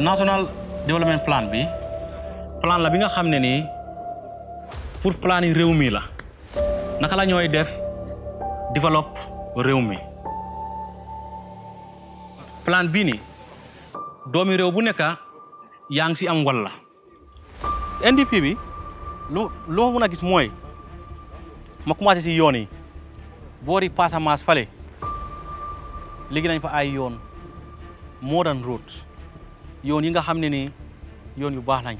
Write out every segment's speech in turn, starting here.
national development plan bi plan la bi nga xamné ni pour plan yi réew la naka la ñoy def develop plan bi ni doomi réew bu nekk yang ci am wala NDP bi lu lo mën gis moy ma commencé ci yoni bori passamas falé fale nañ fa ay yoon modern route yoon yi nga xam ne ni yoon yu baax lañ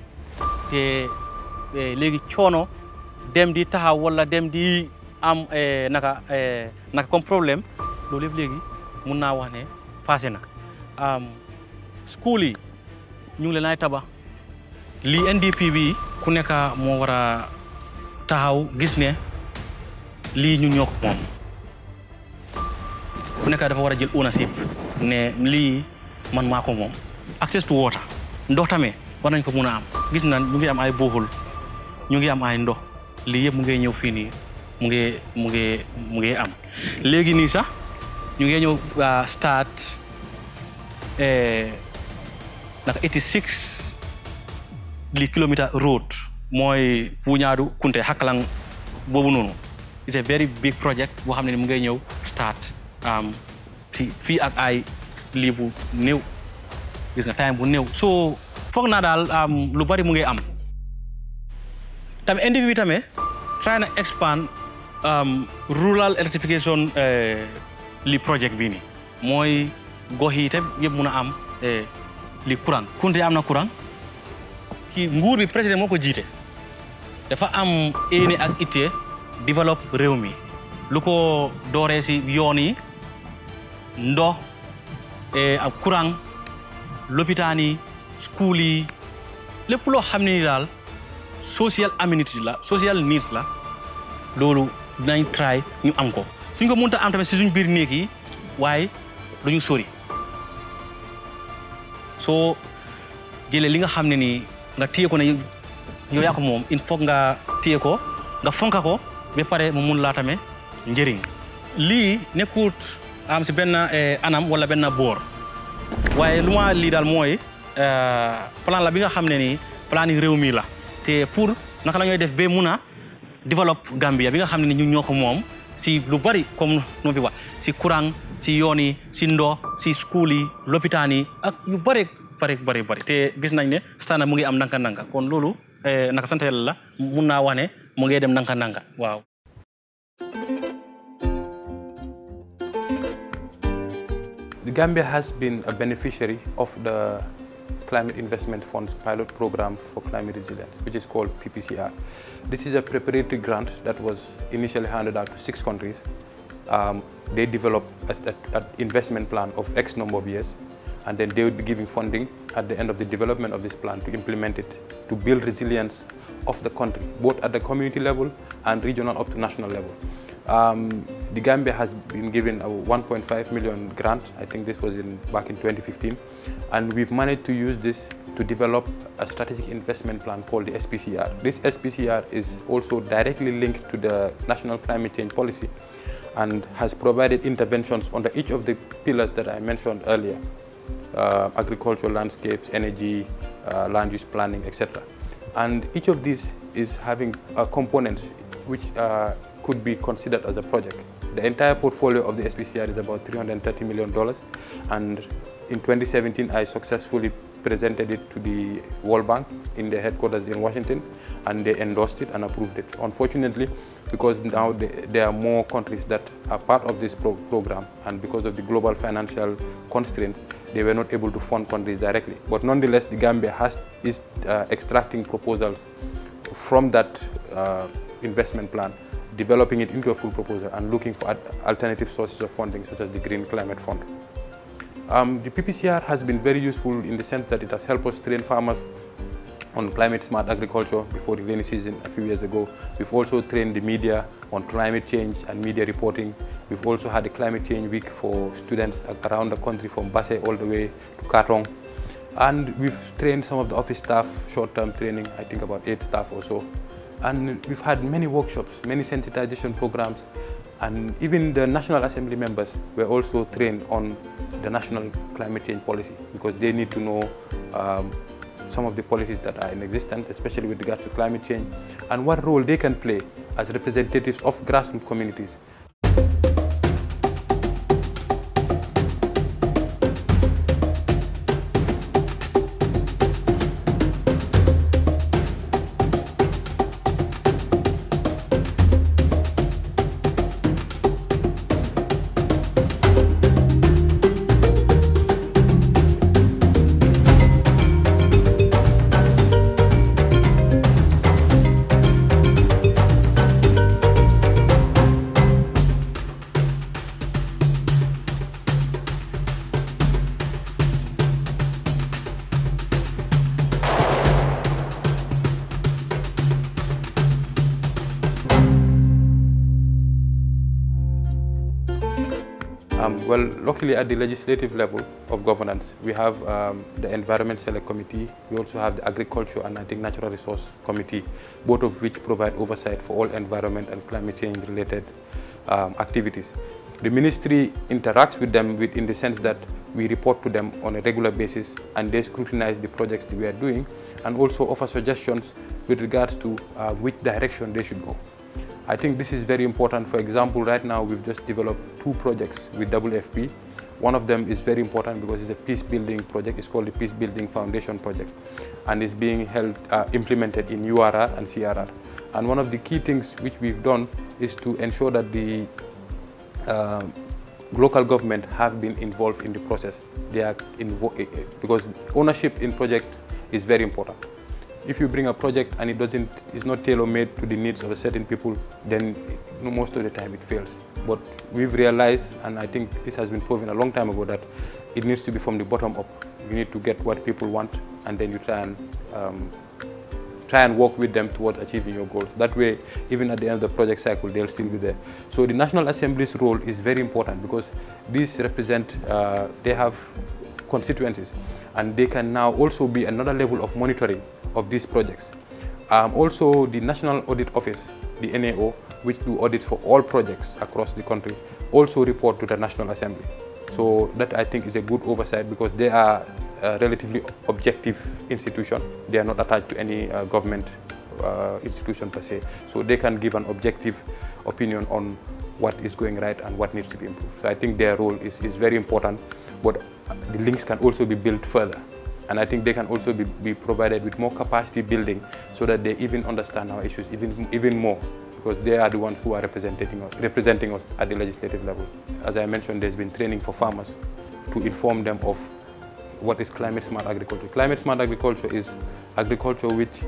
te eh, léegi coono dem di taxaw wala dem di am eh, naka eh, naka comme problème loolu yëpp léegi mun naa wax ne passé na. school yi ñu ngi leen ay tabax lii NDP bi ku nekk moo war a taxaw gis ne lii ñu ñoo ko moom ku nekk dafa war a jël ownership ne lii man maako moom. access to water ndox tamit war nañ ko mun a am gis na mu ngi am ay buuxul ñu ngi am ay ndox lii yëpp mu ngi ñëw fii nii mu ngi mu ngi mu ngi am léegi nii sax ñu ngi ñëw ah, start eh, naka 86 li kilomètre road mooy Bunyadu Kunte Hakalang boobu noonu it's a very big project boo xam ne mu ngi ñëw start fii ak ay lii bu gis nga time bu néew so foog naa daal lu bari mu ngi am tamit individu bi tamit try na expand um, rural electrification eh, li project bii nii mooy gox yi te yëpp mun a am eh, li courant kunte am na courant ki nguur bi président moo ko jiite dafa am éene ak ittee développe réew mi lu ko dooree si yoon yi ndox eh, ak lopitaan yi school yi lépp loo xam ne ni daal social amenities la social needs la loolu dinañ try ñu am ko suñ ko mënta am tamit si suñ biir néegi waaye du ñu sori soo jëlee li nga xam ne nii nga téye ko ne yow moom il faut nga téye ko nga fonka ko ba pare mu mun laa tamit njëriñ lii nekkut am si benn eh, anam wala benn boor waye luma li dal moy euh plan la bi nga xamné ni plan yi la te pour naka lañoy def bé muna develop Gambia bi nga xamné ni ñun ñoko mom si lu bari comme wa fi wa si courant si yoni si ndo si school yi l'hôpital yi ak yu bari bari bari bari te gis nañ né stana mu ngi am nanka nanka kon lulu eh, naka santé la muna wané ne mu ngi dem nanka nanka waaw The Gambia has been a beneficiary of the Climate Investment Fund's pilot program for climate resilience, which is called PPCR. This is a preparatory grant that was initially handed out to six countries. Um, they develop an investment plan of X number of years, and then they would be giving funding at the end of the development of this plan to implement it, to build resilience of the country, both at the community level and regional up to national level. Um, the Gambia has been given a 1.5 million grant, I think this was in, back in 2015, and we've managed to use this to develop a strategic investment plan called the SPCR. This SPCR is also directly linked to the National Climate Change Policy and has provided interventions under each of the pillars that I mentioned earlier, uh, agricultural landscapes, energy, uh, land use planning, etc. And each of these is having uh, components which uh, could be considered as a project. The entire portfolio of the SPCR is about $330 million and in 2017 I successfully presented it to the World Bank in their headquarters in Washington and they endorsed it and approved it. Unfortunately, because now there are more countries that are part of this pro program and because of the global financial constraints, they were not able to fund countries directly. But nonetheless, the Gambia has, is uh, extracting proposals from that uh, investment plan developing it into a full proposal and looking for alternative sources of funding such as the Green Climate Fund. Um, the PPCR has been very useful in the sense that it has helped us train farmers on climate smart agriculture before the rainy season a few years ago. We've also trained the media on climate change and media reporting. We've also had a climate change week for students around the country from Basse all the way to Katong. And we've trained some of the office staff, short-term training, I think about eight staff or so. And we've had many workshops, many sensitization programs, and even the National Assembly members were also trained on the national climate change policy because they need to know um, some of the policies that are in existence, especially with regard to climate change, and what role they can play as representatives of grassroots communities locally at the legislative level of governance, we have um, the Environment Select Committee, we also have the Agriculture and I think Natural Resource Committee, both of which provide oversight for all environment and climate change related um, activities. The ministry interacts with them with, in the sense that we report to them on a regular basis and they scrutinize the projects that we are doing and also offer suggestions with regards to uh, which direction they should go. I think this is very important. For example, right now we've just developed two projects with WFP one of them is very important because it's a peace building project. It's called the Peace Building Foundation Project and it's being held, uh, implemented in URR and CRR. And one of the key things which we've done is to ensure that the uh, local government have been involved in the process. They are involved eh, eh, because ownership in projects is very important if you bring a project and it doesn't, it's not tailor-made to the needs of a certain people, then most of the time it fails. But we've realized, and I think this has been proven a long time ago, that it needs to be from the bottom up. You need to get what people want, and then you try and um, try and work with them towards achieving your goals. That way, even at the end of the project cycle, they'll still be there. So the National Assembly's role is very important because these represent, uh, they have constituencies, and they can now also be another level of monitoring of these projects. Um, also, the National Audit Office, the NAO, which do audits for all projects across the country, also report to the National Assembly. So that I think is a good oversight because they are a relatively objective institution. They are not attached to any uh, government uh, institution per se. So they can give an objective opinion on what is going right and what needs to be improved. So I think their role is, is very important, but the links can also be built further. And I think they can also be, be provided with more capacity building so that they even understand our issues even, even more because they are the ones who are representing us, representing us at the legislative level. As I mentioned, there's been training for farmers to inform them of what is climate smart agriculture. Climate smart agriculture is agriculture which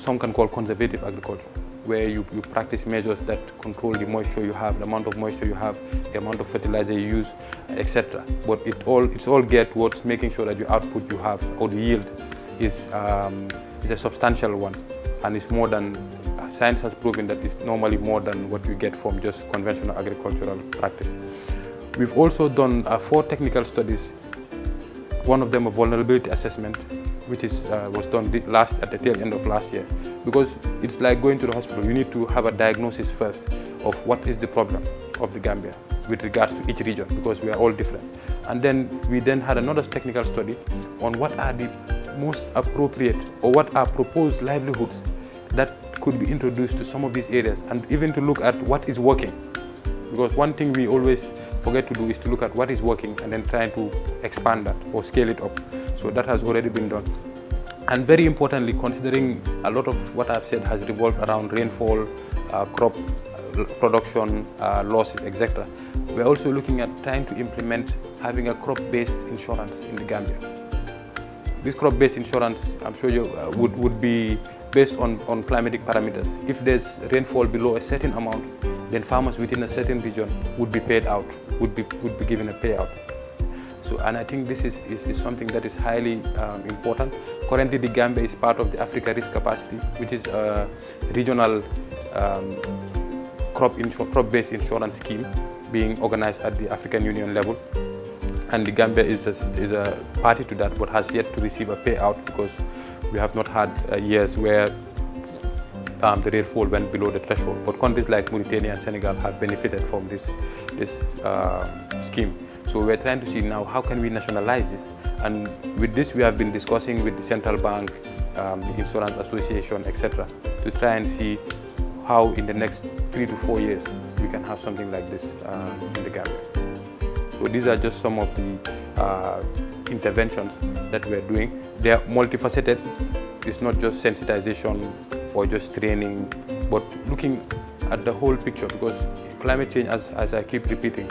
some can call conservative agriculture where you, you practice measures that control the moisture you have, the amount of moisture you have, the amount of fertilizer you use, etc. But it all, it's all geared towards making sure that your output you have or the yield is, um, is a substantial one and it's more than, science has proven that it's normally more than what you get from just conventional agricultural practice. We've also done uh, four technical studies, one of them a vulnerability assessment, which is, uh, was done last at the tail end of last year. Because it's like going to the hospital, you need to have a diagnosis first of what is the problem of the Gambia with regards to each region because we are all different. And then we then had another technical study on what are the most appropriate or what are proposed livelihoods that could be introduced to some of these areas and even to look at what is working. Because one thing we always forget to do is to look at what is working and then trying to expand that or scale it up. So that has already been done. And very importantly, considering a lot of what I've said has revolved around rainfall, uh, crop uh, production, uh, losses, etc. We're also looking at trying to implement having a crop-based insurance in the Gambia. This crop-based insurance, I'm sure you uh, would, would be based on, on climatic parameters. If there's rainfall below a certain amount, then farmers within a certain region would be paid out, would be, would be given a payout. So, and I think this is, is, is something that is highly um, important. Currently, the Gambia is part of the Africa Risk Capacity, which is a regional um, crop-based crop insurance scheme being organized at the African Union level. And the Gambia is a, is a party to that, but has yet to receive a payout because we have not had uh, years where um, the rainfall went below the threshold. But countries like Mauritania and Senegal have benefited from this, this uh, scheme. So we're trying to see now how can we nationalize this. And with this, we have been discussing with the central bank, um, insurance association, etc., to try and see how in the next three to four years we can have something like this uh, in the Gambia. So these are just some of the uh, interventions that we're doing. They are multifaceted. It's not just sensitization or just training, but looking at the whole picture because climate change, as, as I keep repeating,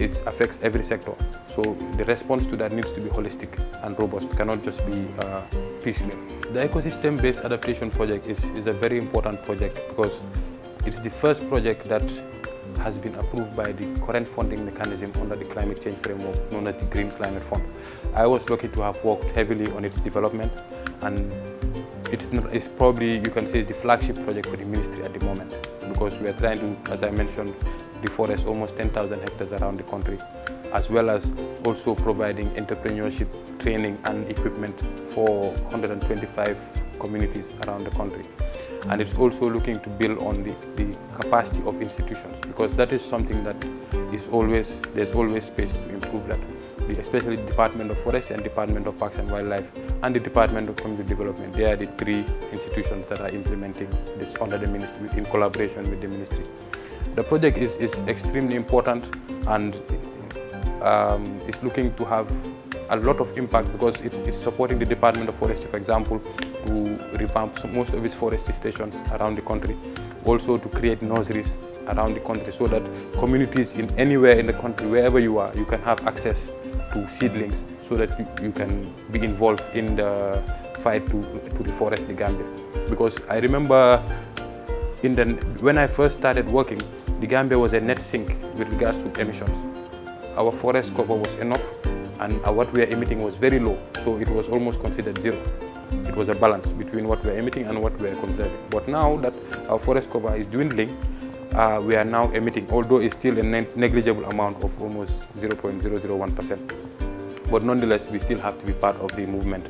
it affects every sector. So the response to that needs to be holistic and robust, cannot just be uh, piecemeal. The ecosystem-based adaptation project is, is a very important project because it's the first project that has been approved by the current funding mechanism under the climate change framework known as the Green Climate Fund. I was lucky to have worked heavily on its development and it's, it's probably, you can say, it's the flagship project for the ministry at the moment because we are trying to, as I mentioned, deforest almost 10,000 hectares around the country, as well as also providing entrepreneurship training and equipment for 125 communities around the country. And it's also looking to build on the, the capacity of institutions because that is something that is always, there's always space to improve that especially the Department of Forest and Department of Parks and Wildlife and the Department of Community Development. They are the three institutions that are implementing this under the ministry in collaboration with the ministry. The project is, is extremely important and um, is looking to have a lot of impact because it's, it's supporting the Department of Forestry, for example, to revamp most of its forestry stations around the country, also to create nurseries around the country so that communities in anywhere in the country, wherever you are, you can have access to seedlings so that you, you can be involved in the fight to, to reforest the Gambia. Because I remember in the, when I first started working, the Gambia was a net sink with regards to emissions. Our forest cover was enough and what we were emitting was very low, so it was almost considered zero. It was a balance between what we were emitting and what we were conserving. But now that our forest cover is dwindling, uh, we are now emitting, although it's still a negligible amount of almost 0.001%. But nonetheless, we still have to be part of the movement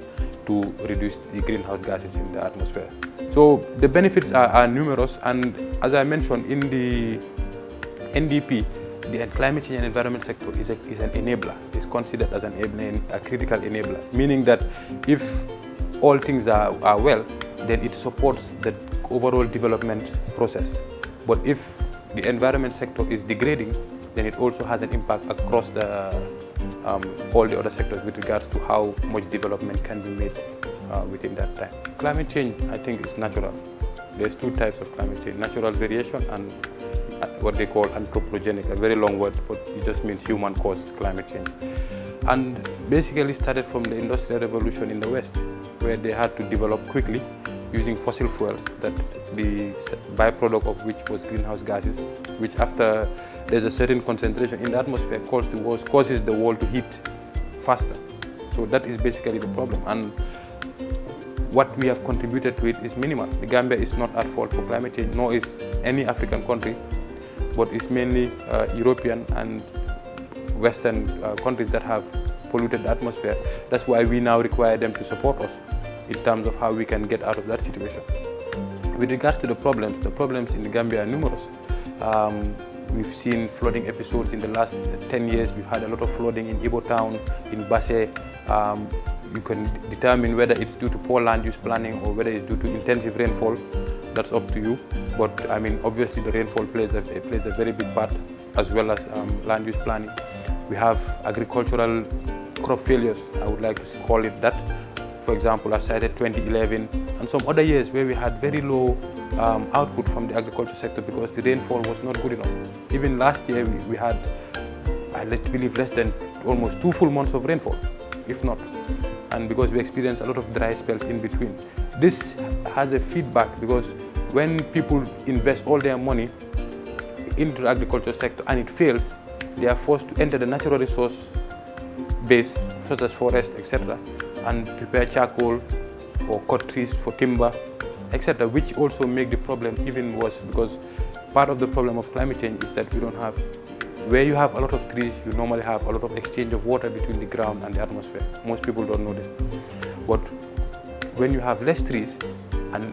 to reduce the greenhouse gases in the atmosphere. So the benefits are, are numerous and as I mentioned in the NDP, the climate change and environment sector is, a, is an enabler, it's considered as an, a critical enabler, meaning that if all things are, are well, then it supports the overall development process. But if the environment sector is degrading, then it also has an impact across the, um, all the other sectors with regards to how much development can be made uh, within that time. Climate change, I think, is natural. There's two types of climate change, natural variation and uh, what they call anthropogenic, a very long word, but it just means human-caused climate change. And basically started from the Industrial Revolution in the West, where they had to develop quickly using fossil fuels that the byproduct of which was greenhouse gases, which after there's a certain concentration in the atmosphere causes the world, causes the world to heat faster. So that is basically the problem. And what we have contributed to it is minimal. The Gambia is not at fault for climate change, nor is any African country, but it's mainly uh, European and Western uh, countries that have polluted the atmosphere. That's why we now require them to support us in terms of how we can get out of that situation. With regards to the problems, the problems in Gambia are numerous. Um, we've seen flooding episodes in the last 10 years. We've had a lot of flooding in Ibo Town, in Basse. Um, you can determine whether it's due to poor land use planning or whether it's due to intensive rainfall. That's up to you. But I mean, obviously the rainfall plays a, plays a very big part as well as um, land use planning. We have agricultural crop failures, I would like to call it that, for example, I've cited 2011 and some other years where we had very low um, output from the agriculture sector because the rainfall was not good enough. Even last year, we, we had, I believe, less than almost two full months of rainfall, if not. And because we experienced a lot of dry spells in between. This has a feedback because when people invest all their money into the agriculture sector and it fails, they are forced to enter the natural resource base, such as forest, etc and prepare charcoal or cut trees, for timber, etc., which also make the problem even worse because part of the problem of climate change is that we don't have, where you have a lot of trees, you normally have a lot of exchange of water between the ground and the atmosphere. Most people don't know this. But when you have less trees, and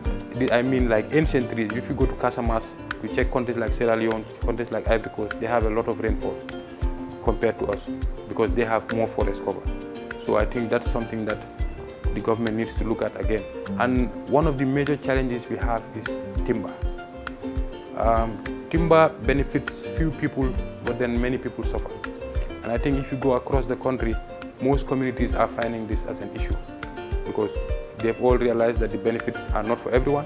I mean like ancient trees, if you go to Casamas, you check countries like Sierra Leone, countries like Ivory Coast, they have a lot of rainfall compared to us because they have more forest cover. So I think that's something that the government needs to look at again. And one of the major challenges we have is timber. Um, timber benefits few people, but then many people suffer. And I think if you go across the country, most communities are finding this as an issue because they've all realized that the benefits are not for everyone,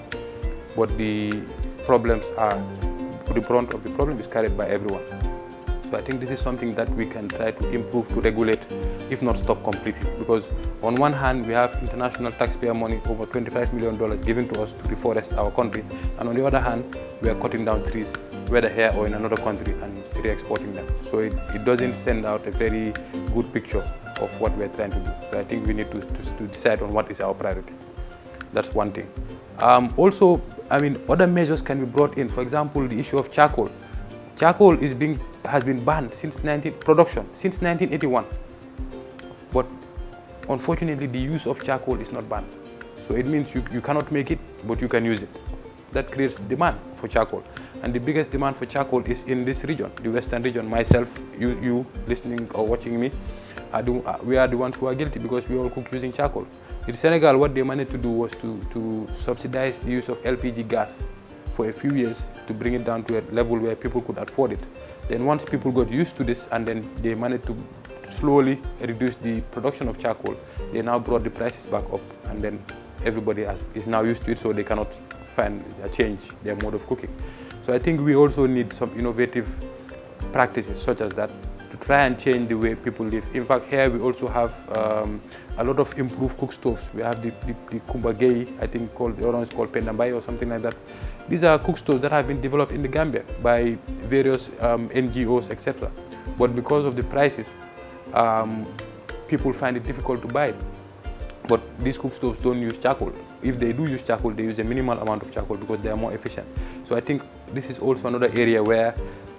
but the problems are, the brunt of the problem is carried by everyone. So I think this is something that we can try to improve to regulate, if not stop completely. Because on one hand, we have international taxpayer money, over $25 million given to us to reforest our country. And on the other hand, we are cutting down trees, whether here or in another country, and re-exporting them. So it, it doesn't send out a very good picture of what we're trying to do. So I think we need to, to, to decide on what is our priority. That's one thing. Um, also, I mean, other measures can be brought in. For example, the issue of charcoal. Charcoal is being has been banned since 19 production since 1981 but unfortunately the use of charcoal is not banned so it means you, you cannot make it but you can use it that creates demand for charcoal and the biggest demand for charcoal is in this region the western region myself you you listening or watching me are the, uh, we are the ones who are guilty because we all cook using charcoal in senegal what they managed to do was to to subsidize the use of lpg gas for a few years to bring it down to a level where people could afford it then once people got used to this and then they managed to slowly reduce the production of charcoal, they now brought the prices back up and then everybody has, is now used to it so they cannot find a change their mode of cooking. So I think we also need some innovative practices such as that to try and change the way people live. In fact, here we also have um, a lot of improved cook stoves. We have the, the, the Kumbagei, I think called, the other one is called Pendambai or something like that. These are cookstoves that have been developed in the Gambia by various um, NGOs, etc. But because of the prices, um, people find it difficult to buy it. But these cookstoves don't use charcoal. If they do use charcoal, they use a minimal amount of charcoal because they are more efficient. So I think this is also another area where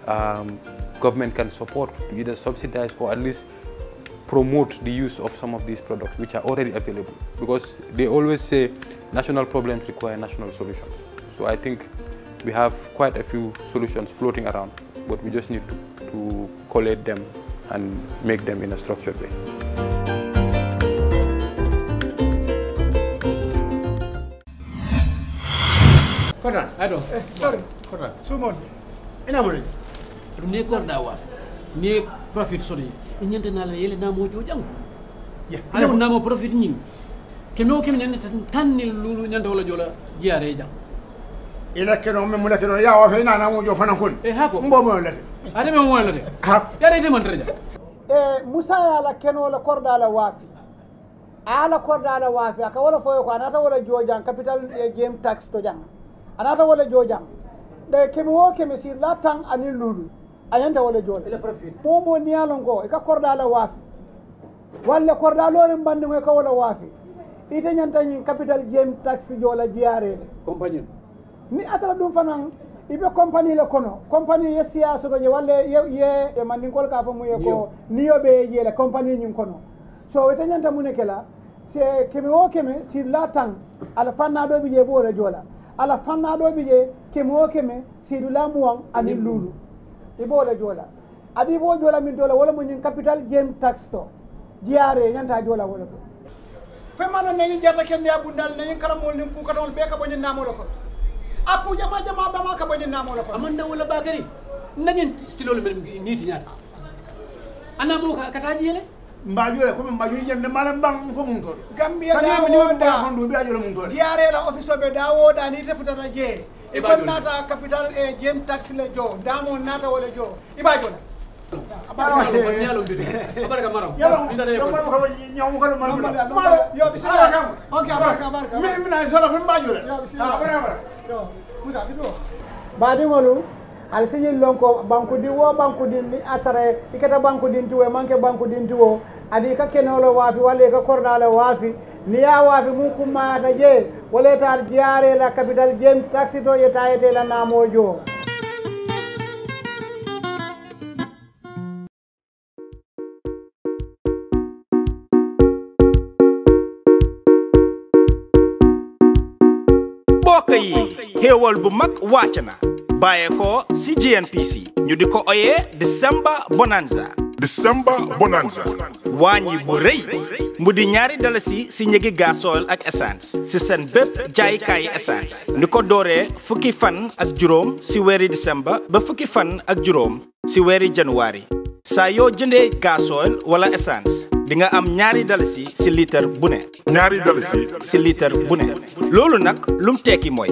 um, government can support to either subsidize or at least promote the use of some of these products which are already available because they always say national problems require national solutions. So I think we have quite a few solutions floating around, but we just need to, to collate them and make them in a structured way. Kordan, ado. Eh, sorry. Kordan. Sumon. Ina mure. Dum ne korda wa. Ne profit Sorry. sori. Inyente na la yele na mo jojang. Ya. Ina na mo profit nyim. Kemno kemne tan ni lulu nyanda wala jola jiare jang. ila keno men mula keno ya wa fe na na wujo fana kun e eh, hako mbo mo lati ade men mo lati ha yare de man tarja e eh, musa ya la keno la korda la wafi ala korda la wafi aka wala foyo ko anata wala jojan capital eh, game tax to jang anata wala jojan de kemi wo kemi si latan anin lulu ayanta wala jola ila profit mo mo niyalon ko e ka korda la wafi walla korda lore mbandi ko ka wala wafi ite nyanta nyin capital game tax jola jiarele compagnie mi atala ɗum fanan iɓe compagnie le kono compagnie ye siyasoto je walla ye e mandinkol ka fo muye ko niyoɓe jeele compagnie ñin kono so wete ñanta mune kela se keme o keme si la tan ala fannaɗoɓe je ɓoore joola ala fannaɗoɓe je keme o keme siidu lamuwan anin luulu iɓoole e joola adi bo joola min doola wala mo ñin capital jem tax to jiyaare ñanta joola wala to femmano neñin jarta kende a bundal neñin karamol nin kukatamol ɓe ka boñin namoɗo kono aku jama jama ba ma ka bani na mo la ko amanda wala bakari nanyen stilol men ni ti nyata ana mo ka kata jele mbajo le ko mbajo jande malam bang fo mun to gambia da wo da hondo bi ajo mun to diare la office be da wo da ni te futata je e ko nata capital e eh, jem tax le jo da mo nata wala jo ibajo eh, la yo bismillah ok abaraka abaraka mina sala fim bajude yo bismillah baadiŋolu ali siñiŋ loŋ ko bankudin wo bankudin ni atare tara i keta bankudinti wo i maŋ ke adi i ka kenoo le waafi walla ka kordaa le waafi niŋ ye a waafi muŋ kummayata jee walla ita diyaaree la kapital jeŋ taxi to ye la naamoo joo xéewal bu mag wacana. na bàyyee ko ci GNPC ñu di ko December Bonanza December Bonanza wañi bu reuy mu di ñaari dalasi si ñegi gasoil ak essence sen seen jaay kay essence ni ko dooree fukki fan ak juroom si wéri December ba fukki fan ak juroom si wéri January sa yo jëndee gasoil wala essence di nga am ñaari dalasi si liter bu ne ñaari dalasi si liter bu ne lolu nak lum tekki moy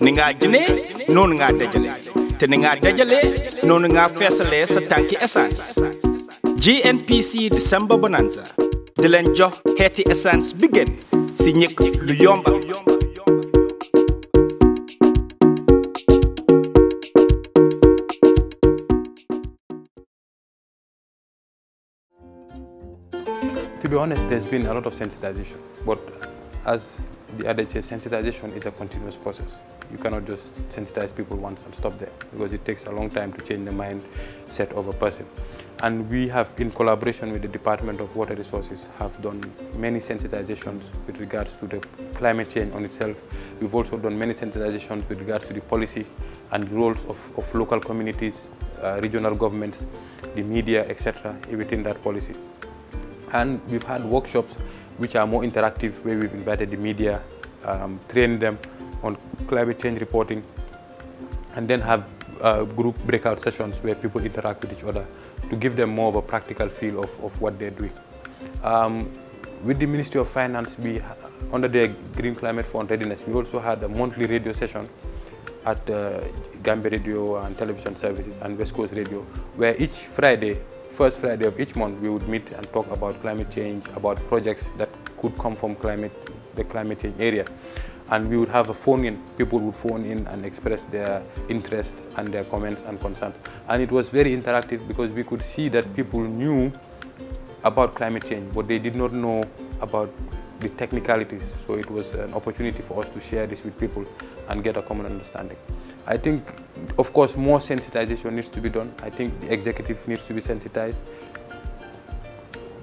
ni nga jëlee noonu nga dajale te ni nga dajale noonu nga feesalee sa tanki essence GNPC December Bonanza di leen jox xeeti essence bi gën si ñëkk lu yomba To be honest, there's been a lot of sensitization, but as the adage thing, sensitization is a continuous process. You cannot just sensitize people once and stop there because it takes a long time to change the mindset of a person. And we have, in collaboration with the Department of Water Resources, have done many sensitizations with regards to the climate change on itself. We've also done many sensitizations with regards to the policy and roles of, of local communities, uh, regional governments, the media, etc., within that policy. And we've had workshops which are more interactive, where we've invited the media, um, trained them on climate change reporting, and then have uh, group breakout sessions where people interact with each other to give them more of a practical feel of, of what they're doing. Um, with the Ministry of Finance, we uh, under the Green Climate Fund Readiness, we also had a monthly radio session at uh, Gambia Radio and Television Services and West Coast Radio, where each Friday first Friday of each month, we would meet and talk about climate change, about projects that could come from climate, the climate change area. And we would have a phone in, people would phone in and express their interest and their comments and concerns. And it was very interactive because we could see that people knew about climate change, but they did not know about the technicalities. So it was an opportunity for us to share this with people and get a common understanding. I think of course, more sensitization needs to be done. I think the executive needs to be sensitized.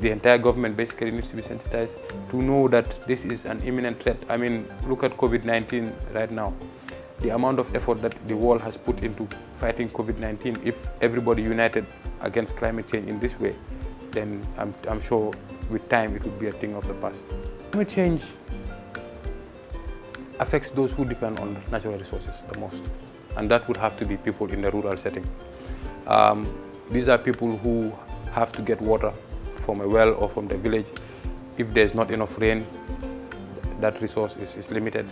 The entire government basically needs to be sensitized to know that this is an imminent threat. I mean, look at COVID-19 right now. The amount of effort that the world has put into fighting COVID-19, if everybody united against climate change in this way, then I'm, I'm sure with time it would be a thing of the past. Climate change affects those who depend on natural resources the most and that would have to be people in the rural setting. Um, these are people who have to get water from a well or from the village. If there's not enough rain, that resource is, is limited.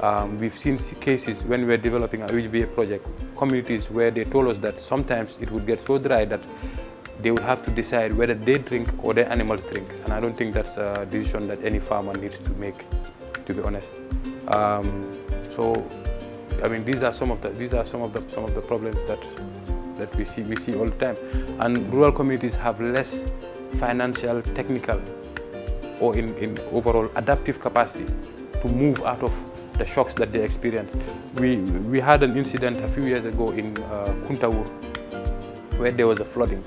Um, we've seen cases when we were developing a UGBA project, communities where they told us that sometimes it would get so dry that they would have to decide whether they drink or their animals drink. And I don't think that's a decision that any farmer needs to make, to be honest. Um, so I mean, these are some of the these are some of the some of the problems that that we see we see all the time, and rural communities have less financial, technical, or in, in overall adaptive capacity to move out of the shocks that they experience. We we had an incident a few years ago in uh, Kuntawur where there was a flooding,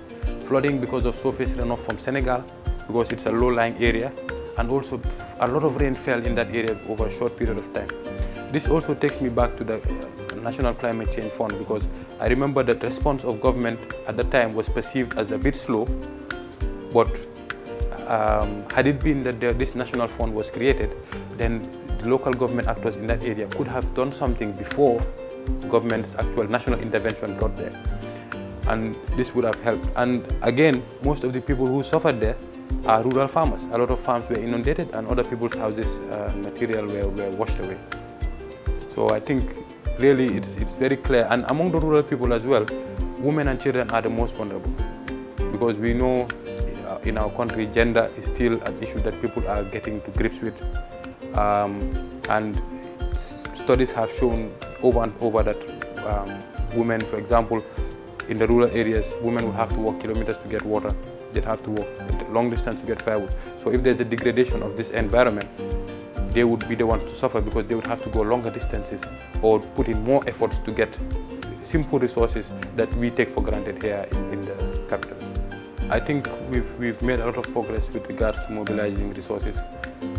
flooding because of surface runoff from Senegal because it's a low-lying area, and also a lot of rain fell in that area over a short period of time. This also takes me back to the National Climate Change Fund because I remember that response of government at that time was perceived as a bit slow, but um, had it been that this national fund was created, then the local government actors in that area could have done something before government's actual national intervention got there. And this would have helped. And again, most of the people who suffered there are rural farmers. A lot of farms were inundated and other people's houses uh, material were, were washed away. So I think really it's, it's very clear. And among the rural people as well, women and children are the most vulnerable because we know uh, in our country gender is still an issue that people are getting to grips with. Um, and studies have shown over and over that um, women, for example, in the rural areas, women will have to walk kilometers to get water. They'd have to walk long distance to get firewood. So if there's a degradation of this environment, they would be the ones to suffer because they would have to go longer distances or put in more efforts to get simple resources that we take for granted here in, in the capitals. I think we've, we've made a lot of progress with regards to mobilizing resources.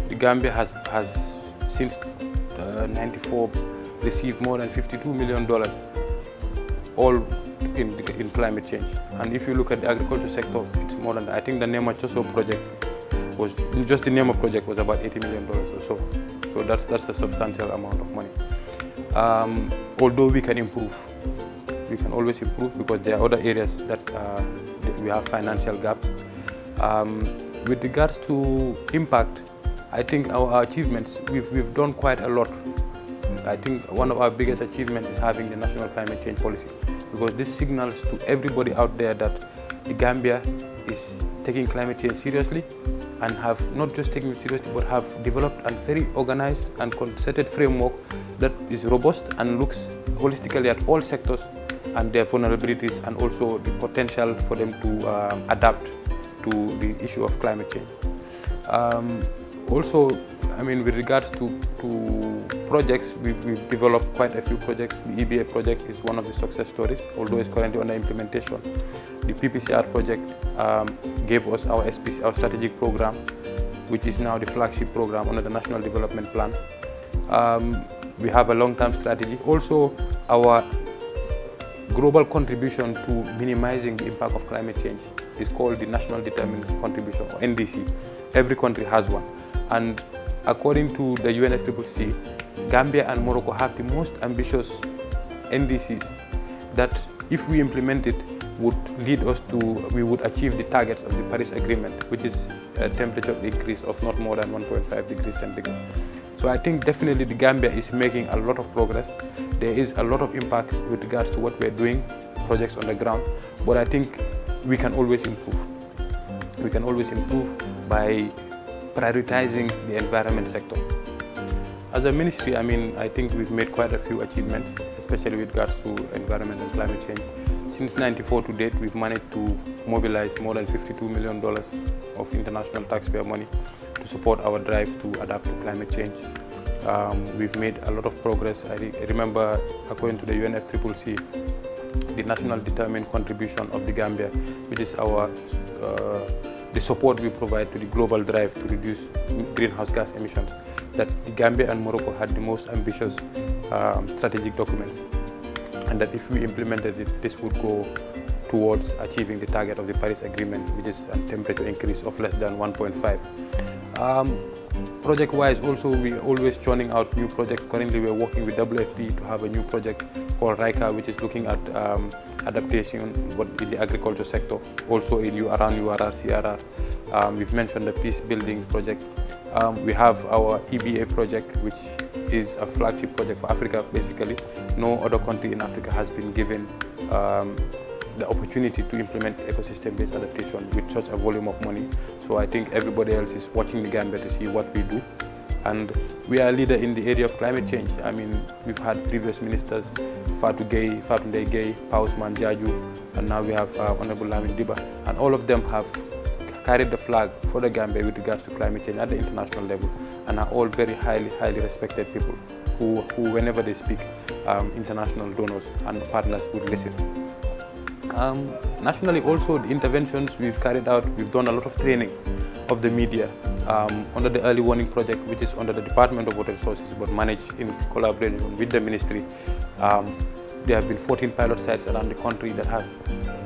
The Gambia has, has since 1994 uh, received more than $52 million all in, in climate change. And if you look at the agriculture sector, it's more than I think the Nemachoso project was, just the name of project was about 80 million dollars or so. So that's, that's a substantial amount of money. Um, although we can improve, we can always improve because there are other areas that, uh, that we have financial gaps. Um, with regards to impact, I think our, achievements, we've, we've done quite a lot. I think one of our biggest achievements is having the National Climate Change Policy because this signals to everybody out there that the Gambia is taking climate change seriously and have not just taken it seriously but have developed a very organized and concerted framework that is robust and looks holistically at all sectors and their vulnerabilities and also the potential for them to um, adapt to the issue of climate change. Um, also I mean, with regards to, to projects, we've, we've, developed quite a few projects. The EBA project is one of the success stories, although it's currently under implementation. The PPCR project um, gave us our, SPC, our strategic program, which is now the flagship program under the National Development Plan. Um, we have a long-term strategy. Also, our global contribution to minimizing the impact of climate change is called the National Determined Contribution, or NDC. Every country has one. And according to the UNFCCC, Gambia and Morocco have the most ambitious NDCs that if we implement it would lead us to, we would achieve the targets of the Paris Agreement, which is a temperature decrease of not more than 1.5 degrees centigrade. So I think definitely the Gambia is making a lot of progress. There is a lot of impact with regards to what we're doing, projects on the ground, but I think we can always improve. We can always improve by prioritizing the environment sector. As a ministry, I mean, I think we've made quite a few achievements, especially with regards to environment and climate change. Since 94 to date, we've managed to mobilize more than $52 million of international taxpayer money to support our drive to adapt to climate change. Um, we've made a lot of progress. I, re remember, according to the UNFCCC, the national determined contribution of the Gambia, which is our uh, the support we provide to the global drive to reduce greenhouse gas emissions, that the Gambia and Morocco had the most ambitious um, strategic documents, and that if we implemented it, this would go towards achieving the target of the Paris Agreement, which is a temperature increase of less than 1.5. Um, Project-wise, also we always churning out new projects. Currently, we're working with WFP to have a new project called RICA, which is looking at um, adaptation in the agriculture sector, also in around URR, CRR. Um, we've mentioned the peace building project. Um, we have our EBA project, which is a flagship project for Africa, basically. No other country in Africa has been given um, the opportunity to implement ecosystem-based adaptation with such a volume of money. So I think everybody else is watching the Gambia to see what we do. And we are a leader in the area of climate change. I mean, we've had previous ministers, Fatou Gay, Fatunde Gay, Paus Manjaju, and now we have uh, Honorable Lamin Diba. And all of them have carried the flag for the Gambia with regards to climate change at the international level and are all very highly, highly respected people who, who whenever they speak, um, international donors and partners would listen. Um, nationally also the interventions we've carried out, we've done a lot of training of the media um, under the early warning project which is under the Department of Water Resources but managed in collaboration with the ministry. Um, there have been 14 pilot sites around the country that have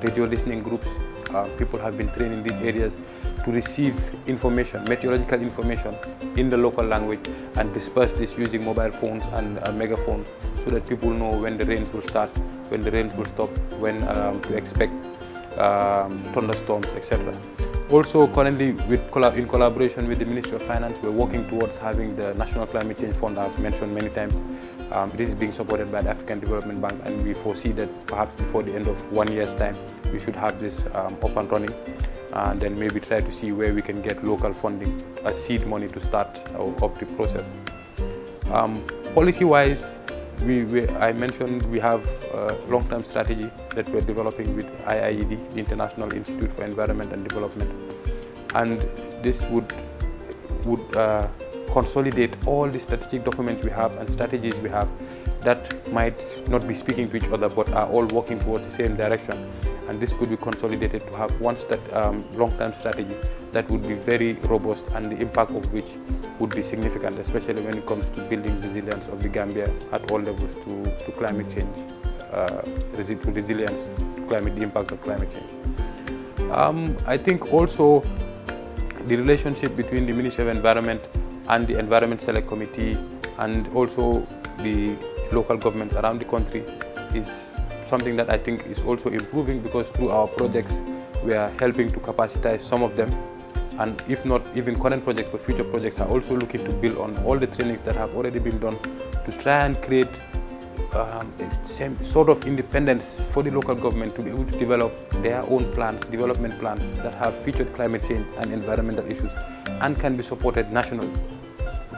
radio listening groups. Uh, people have been trained in these areas to receive information, meteorological information in the local language and disperse this using mobile phones and uh, megaphones so that people know when the rains will start when the rains will stop, when um, to expect um, thunderstorms, etc. Also, currently, with, in collaboration with the Ministry of Finance, we're working towards having the National Climate Change Fund I've mentioned many times. Um, is being supported by the African Development Bank, and we foresee that perhaps before the end of one year's time, we should have this um, up and running, and then maybe try to see where we can get local funding, uh, seed money to start uh, up the process. Um, Policy-wise, we, we, I mentioned we have a long-term strategy that we're developing with IIED, the International Institute for Environment and Development. And this would, would uh, consolidate all the strategic documents we have and strategies we have that might not be speaking to each other but are all working towards the same direction. And this could be consolidated to have one um, long-term strategy that would be very robust and the impact of which would be significant, especially when it comes to building resilience of the Gambia at all levels to, to climate change, uh, to resilience, to climate, the impact of climate change. Um, I think also the relationship between the Ministry of Environment and the Environment Select Committee and also the local governments around the country is something that I think is also improving because through our projects we are helping to capacitize some of them and if not even current projects but future projects are also looking to build on all the trainings that have already been done to try and create um, same sort of independence for the local government to be able to develop their own plans, development plans that have featured climate change and environmental issues and can be supported nationally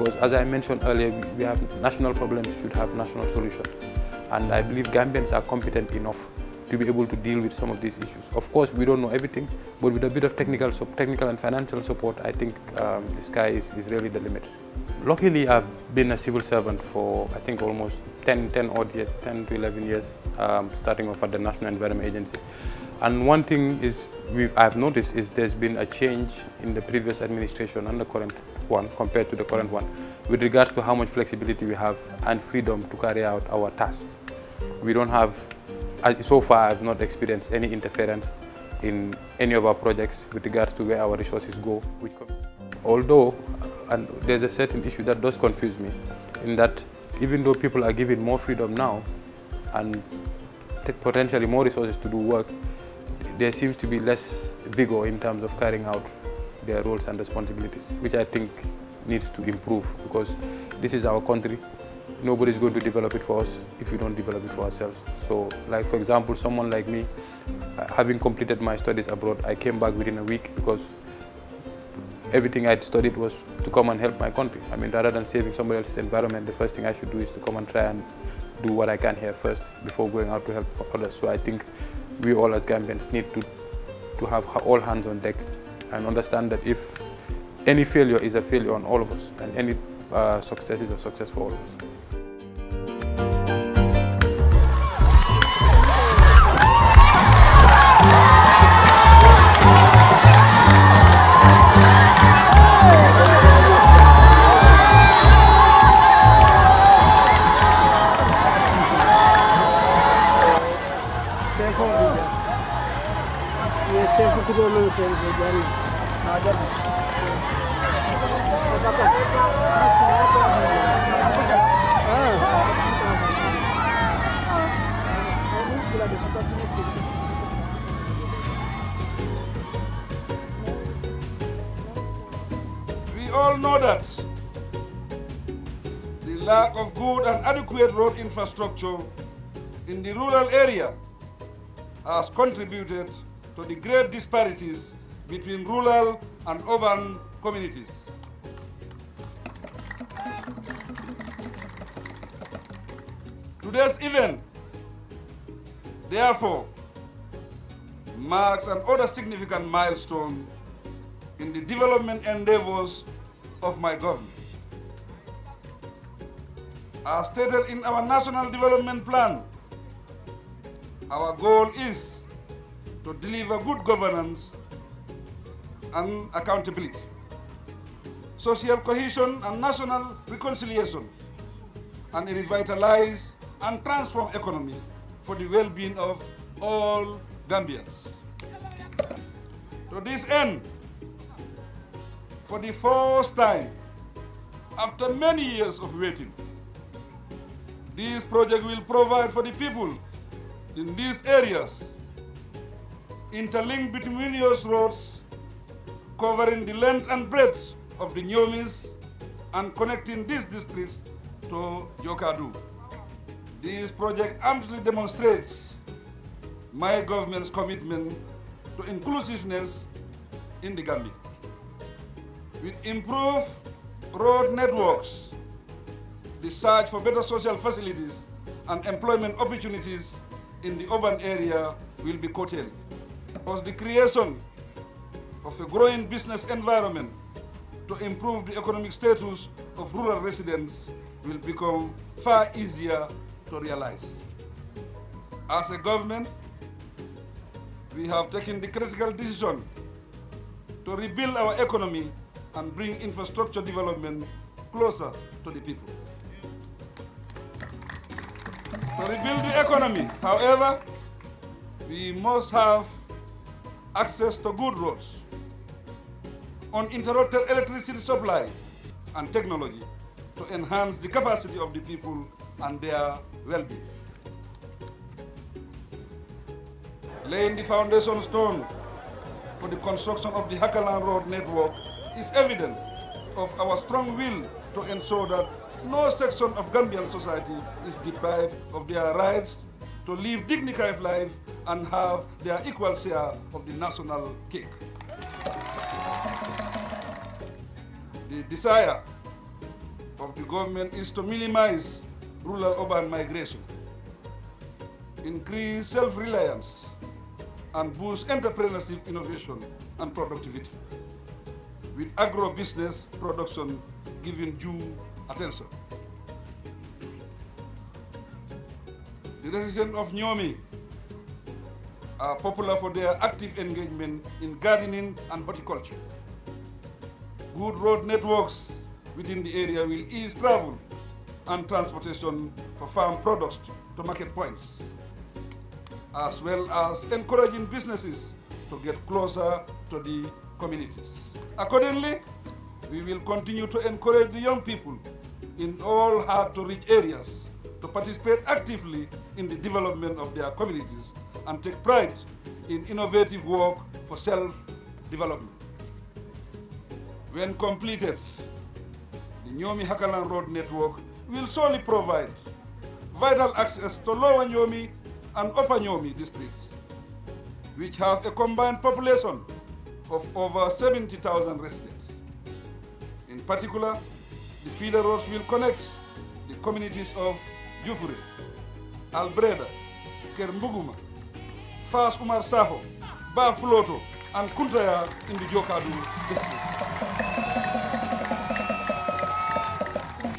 because as I mentioned earlier, we have national problems should have national solutions. And I believe Gambians are competent enough to be able to deal with some of these issues. Of course, we don't know everything, but with a bit of technical, so technical and financial support, I think um, the sky is, is really the limit. Luckily, I've been a civil servant for, I think, almost 10, 10 odd years, 10 to 11 years, um, starting off at the National Environment Agency. And one thing is I've noticed is there's been a change in the previous administration and the current one compared to the current one with regards to how much flexibility we have and freedom to carry out our tasks. We don't have, so far I've not experienced any interference in any of our projects with regards to where our resources go. Although and there's a certain issue that does confuse me in that even though people are given more freedom now and potentially more resources to do work, there seems to be less vigor in terms of carrying out their roles and responsibilities, which I think needs to improve because this is our country. Nobody's going to develop it for us if we don't develop it for ourselves. So, like for example, someone like me, uh, having completed my studies abroad, I came back within a week because everything I'd studied was to come and help my country. I mean, rather than saving somebody else's environment, the first thing I should do is to come and try and do what I can here first before going out to help others. So I think we all as Gambians need to, to have all hands on deck and understand that if any failure is a failure on all of us and any uh, success is a success for all of us. infrastructure in the rural area has contributed to the great disparities between rural and urban communities. Today's event, therefore, marks another significant milestone in the development endeavors of my government. As stated in our National Development Plan, our goal is to deliver good governance and accountability, social cohesion and national reconciliation, and revitalise and transform economy for the well-being of all Gambians. To this end, for the first time, after many years of waiting, this project will provide for the people in these areas interlink those roads covering the length and breadth of the Nyomis and connecting these districts to Jokadu. This project amply demonstrates my government's commitment to inclusiveness in the Gambia. With improved road networks, the search for better social facilities and employment opportunities in the urban area will be curtailed. Thus, the creation of a growing business environment to improve the economic status of rural residents will become far easier to realize. As a government, we have taken the critical decision to rebuild our economy and bring infrastructure development closer to the people to rebuild the economy. However, we must have access to good roads, uninterrupted electricity supply, and technology to enhance the capacity of the people and their well-being. Laying the foundation stone for the construction of the Hakalan Road network is evident of our strong will to ensure that no section of Gambian society is deprived of their rights to live dignified life and have their equal share of the national cake. The desire of the government is to minimize rural-urban migration, increase self-reliance, and boost entrepreneurship innovation and productivity, with agro-business production given due Attention. The residents of Nyomi are popular for their active engagement in gardening and horticulture. Good road networks within the area will ease travel and transportation for farm products to market points, as well as encouraging businesses to get closer to the communities. Accordingly, we will continue to encourage the young people in all hard-to-reach areas to participate actively in the development of their communities and take pride in innovative work for self-development. When completed, the Nyomi Hakalan Road Network will solely provide vital access to Lower Nyomi and Upper Nyomi districts, which have a combined population of over 70,000 residents. In particular, the feeder roads will connect the communities of Jufure, Albreda, Kermbuguma, Fas Umar Saho, Bafloto, and Kuntaya in the Jokadu district.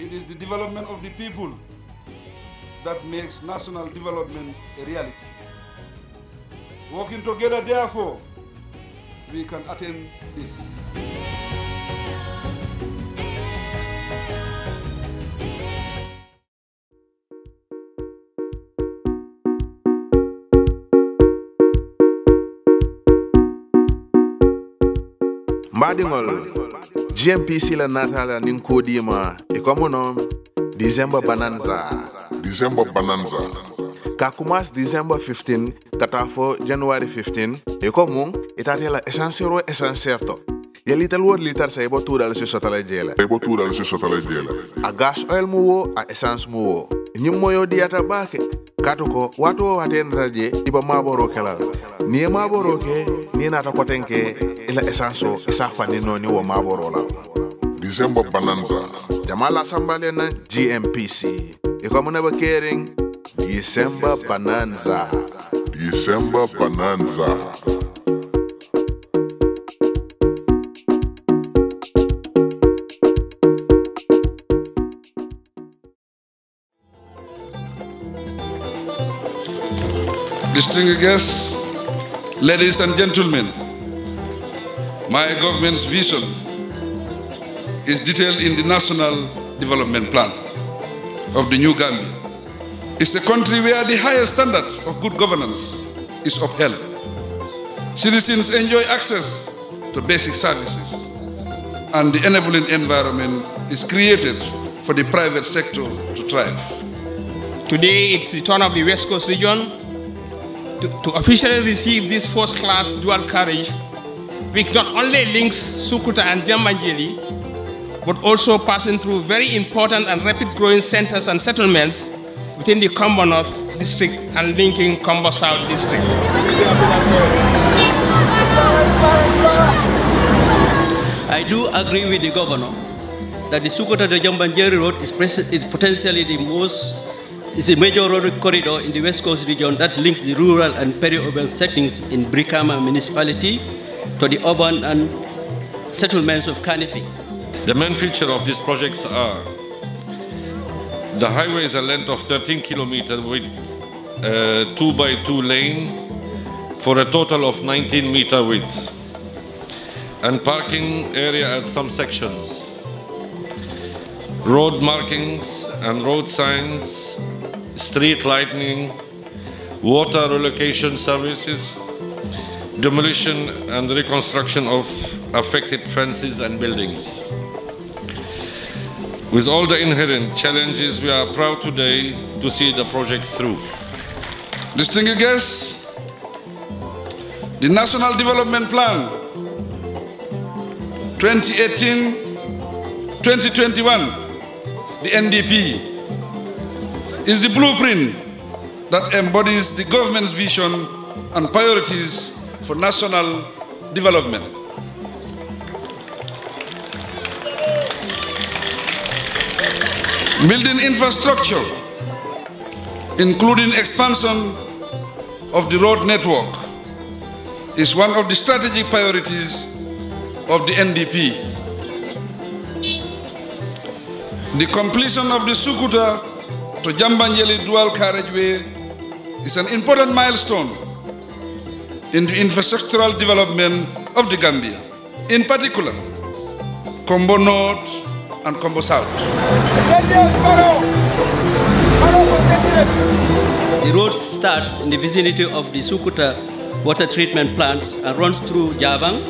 It is the development of the people that makes national development a reality. Working together, therefore, we can attain this. Madingol, gmp sila natala nin koɗima e comme bananza décembre bananza Kakumas commence 15 katafo january 15 e ko la itatela essentiel o essentiel to ye ya lital wor litar sa ibo Agas si sotala nyumoyo ibo tuudal sotala a gas oil muwo, a essence muwo. Nyumoyo diata bake, kato ko waatu wa ten radje je iba maaboro kelal ni maboro ke ni naata koten ke ila essence o isa fandinoo ni wo maboro la december bananza jamala sambale na gmpc mona kering disemba bananza disemba bananza distinguished guests, ladies and gentlemen, my government's vision is detailed in the National Development Plan of the New Gambia. It's a country where the highest standard of good governance is upheld. Citizens enjoy access to basic services and the enabling environment is created for the private sector to thrive. Today, it's the turn of the West Coast region to, to officially receive this first class dual carriage, which not only links Sukuta and Jambanjeli, but also passing through very important and rapid growing centers and settlements within the Combo North district and linking Combo South district. I do agree with the governor that the Sukuta to Jambanjeri road is, is potentially the most is a major road corridor in the West Coast region that links the rural and peri-urban settings in Brikama municipality to the urban and settlements of Kanifi. The main feature of these projects are the highway is a length of 13 kilometers with 2 by 2 lane for a total of 19 meter width and parking area at some sections. Road markings and road signs street lighting, water relocation services, demolition and reconstruction of affected fences and buildings. With all the inherent challenges, we are proud today to see the project through. Distinguished guests, the National Development Plan 2018-2021, the NDP, is the blueprint that embodies the government's vision and priorities for national development. Building infrastructure, including expansion of the road network, is one of the strategic priorities of the NDP. The completion of the Sukuta to Jambanjeli dual carriageway is an important milestone in the infrastructural development of the Gambia, in particular, Combo North and Combo South. The road starts in the vicinity of the Sukuta water treatment plants and runs through Jabang,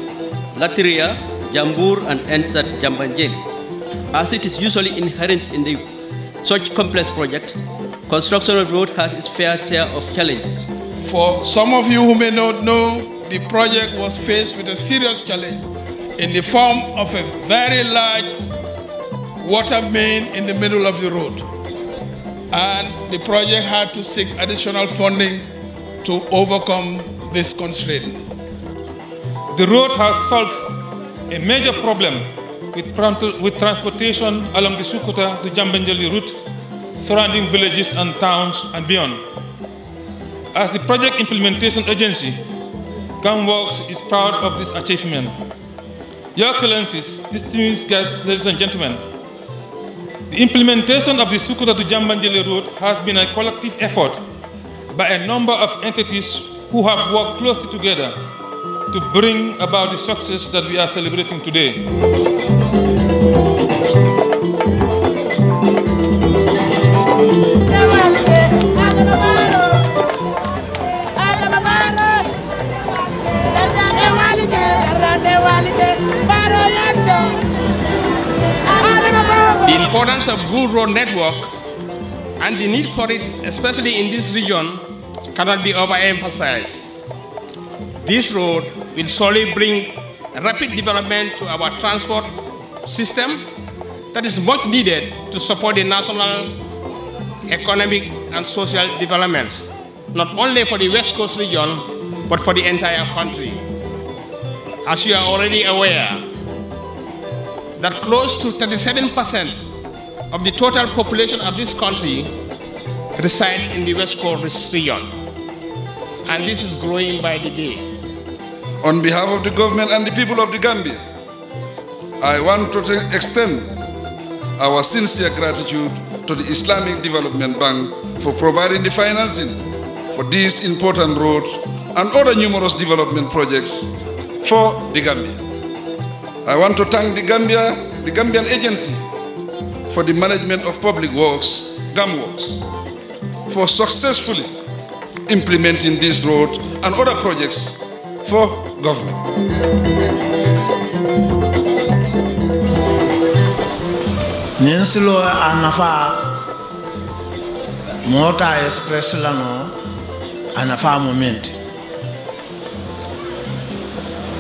Latiria, Jambur, and ends at Jambanjeli, as it is usually inherent in the such complex project, construction of road has its fair share of challenges. For some of you who may not know, the project was faced with a serious challenge in the form of a very large water main in the middle of the road. And the project had to seek additional funding to overcome this constraint. The road has solved a major problem with, with transportation along the Sukuta to Jambanjali route, surrounding villages and towns and beyond. As the project implementation agency, GAMWorks is proud of this achievement. Your Excellencies, distinguished guests, ladies and gentlemen, the implementation of the Sukuta to Jambanjali route has been a collective effort by a number of entities who have worked closely together to bring about the success that we are celebrating today. importance of good road network and the need for it, especially in this region, cannot be overemphasized. This road will surely bring rapid development to our transport system that is much needed to support the national economic and social developments, not only for the West Coast region, but for the entire country. As you are already aware, that close to 37 percent of the total population of this country reside in the West Coast region. And this is growing by the day. On behalf of the government and the people of the Gambia, I want to extend our sincere gratitude to the Islamic Development Bank for providing the financing for this important road and other numerous development projects for the Gambia. I want to thank the Gambia, the Gambian agency for the management of public works, dam works, for successfully implementing this road and other projects for government. Ninsilo anafa mota express lano anafa moment.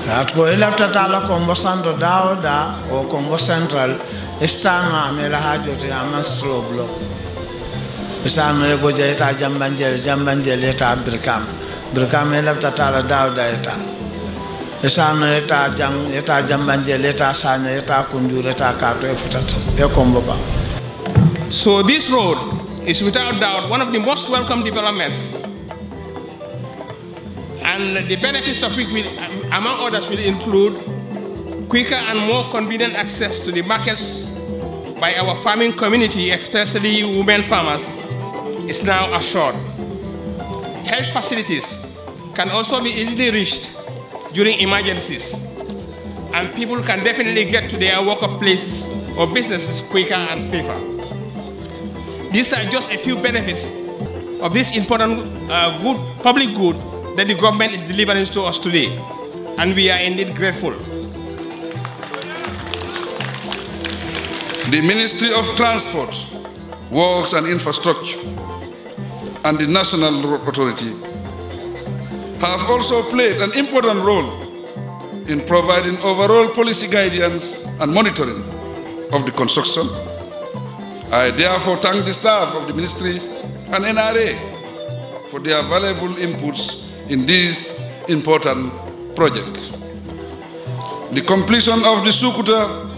Atko ilapta tala kombo sando dao da o kombo central istano amela hajote ama slow blow istano yego jeta jambanjel jambanjel eta brikam brikam elapta tala dawda eta isano eta jam eta jambanjel eta sanya eta kunjur eta kato e futata e komboba so this road is without doubt one of the most welcome developments and the benefits of it will, among others will include quicker and more convenient access to the markets by our farming community, especially women farmers, is now assured. Health facilities can also be easily reached during emergencies, and people can definitely get to their workplaces or businesses quicker and safer. These are just a few benefits of this important uh, good, public good that the government is delivering to us today, and we are indeed grateful. The Ministry of Transport, Works and Infrastructure, and the National Road Authority have also played an important role in providing overall policy guidance and monitoring of the construction. I therefore thank the staff of the Ministry and NRA for their valuable inputs in this important project. The completion of the Sukuta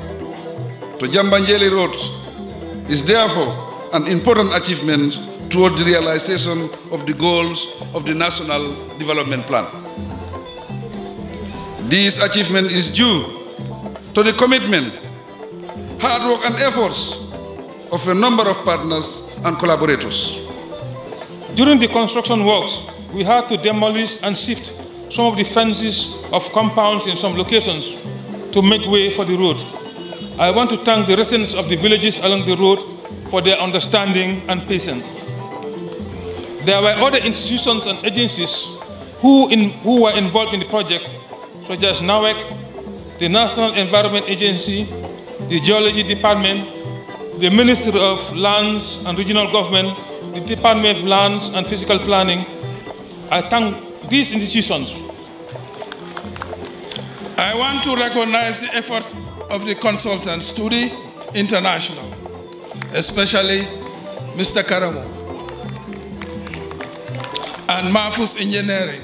to Jambanjeli Road is therefore an important achievement toward the realization of the goals of the National Development Plan. This achievement is due to the commitment, hard work and efforts of a number of partners and collaborators. During the construction works, we had to demolish and shift some of the fences of compounds in some locations to make way for the road. I want to thank the residents of the villages along the road for their understanding and patience. There were other institutions and agencies who, in, who were involved in the project, such as NAWEC, the National Environment Agency, the Geology Department, the Ministry of Lands and Regional Government, the Department of Lands and Physical Planning. I thank these institutions. I want to recognize the efforts of the consultants to the international, especially Mr. Karamo and Mafus Engineering,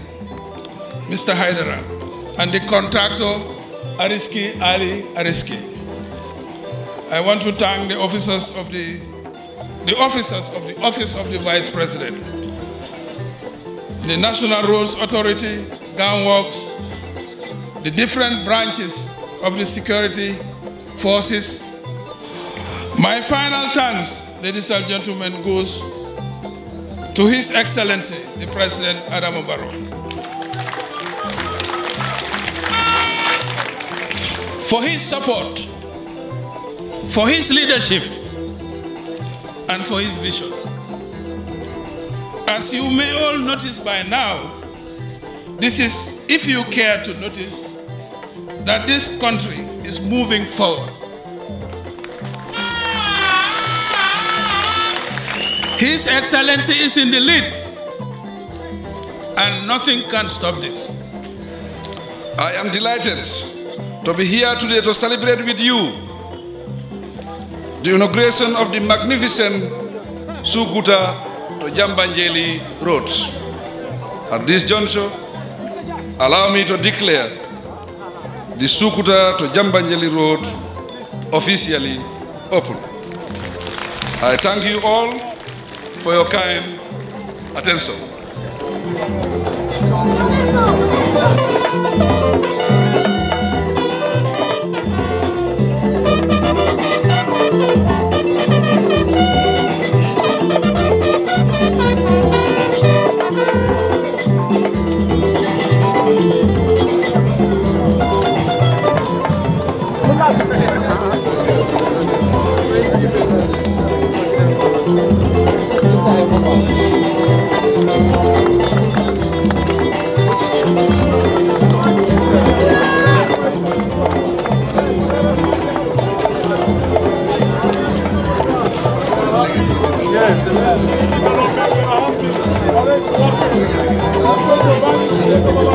Mr. Hydera, and the contractor Ariski Ali Ariski. I want to thank the officers of the the officers of the Office of the Vice President, the National Roads Authority, Gunworks, the different branches of the security forces. My final thanks, ladies and gentlemen, goes to His Excellency, the President Adam Barrow. For his support, for his leadership, and for his vision. As you may all notice by now, this is, if you care to notice, that this country is moving forward. His Excellency is in the lead, and nothing can stop this. I am delighted to be here today to celebrate with you the inauguration of the magnificent Sukuta to Jambanjeli Road. At this juncture, allow me to declare the Sukuta to Jambanjali Road officially open. I thank you all for your kind attention. Obrigado.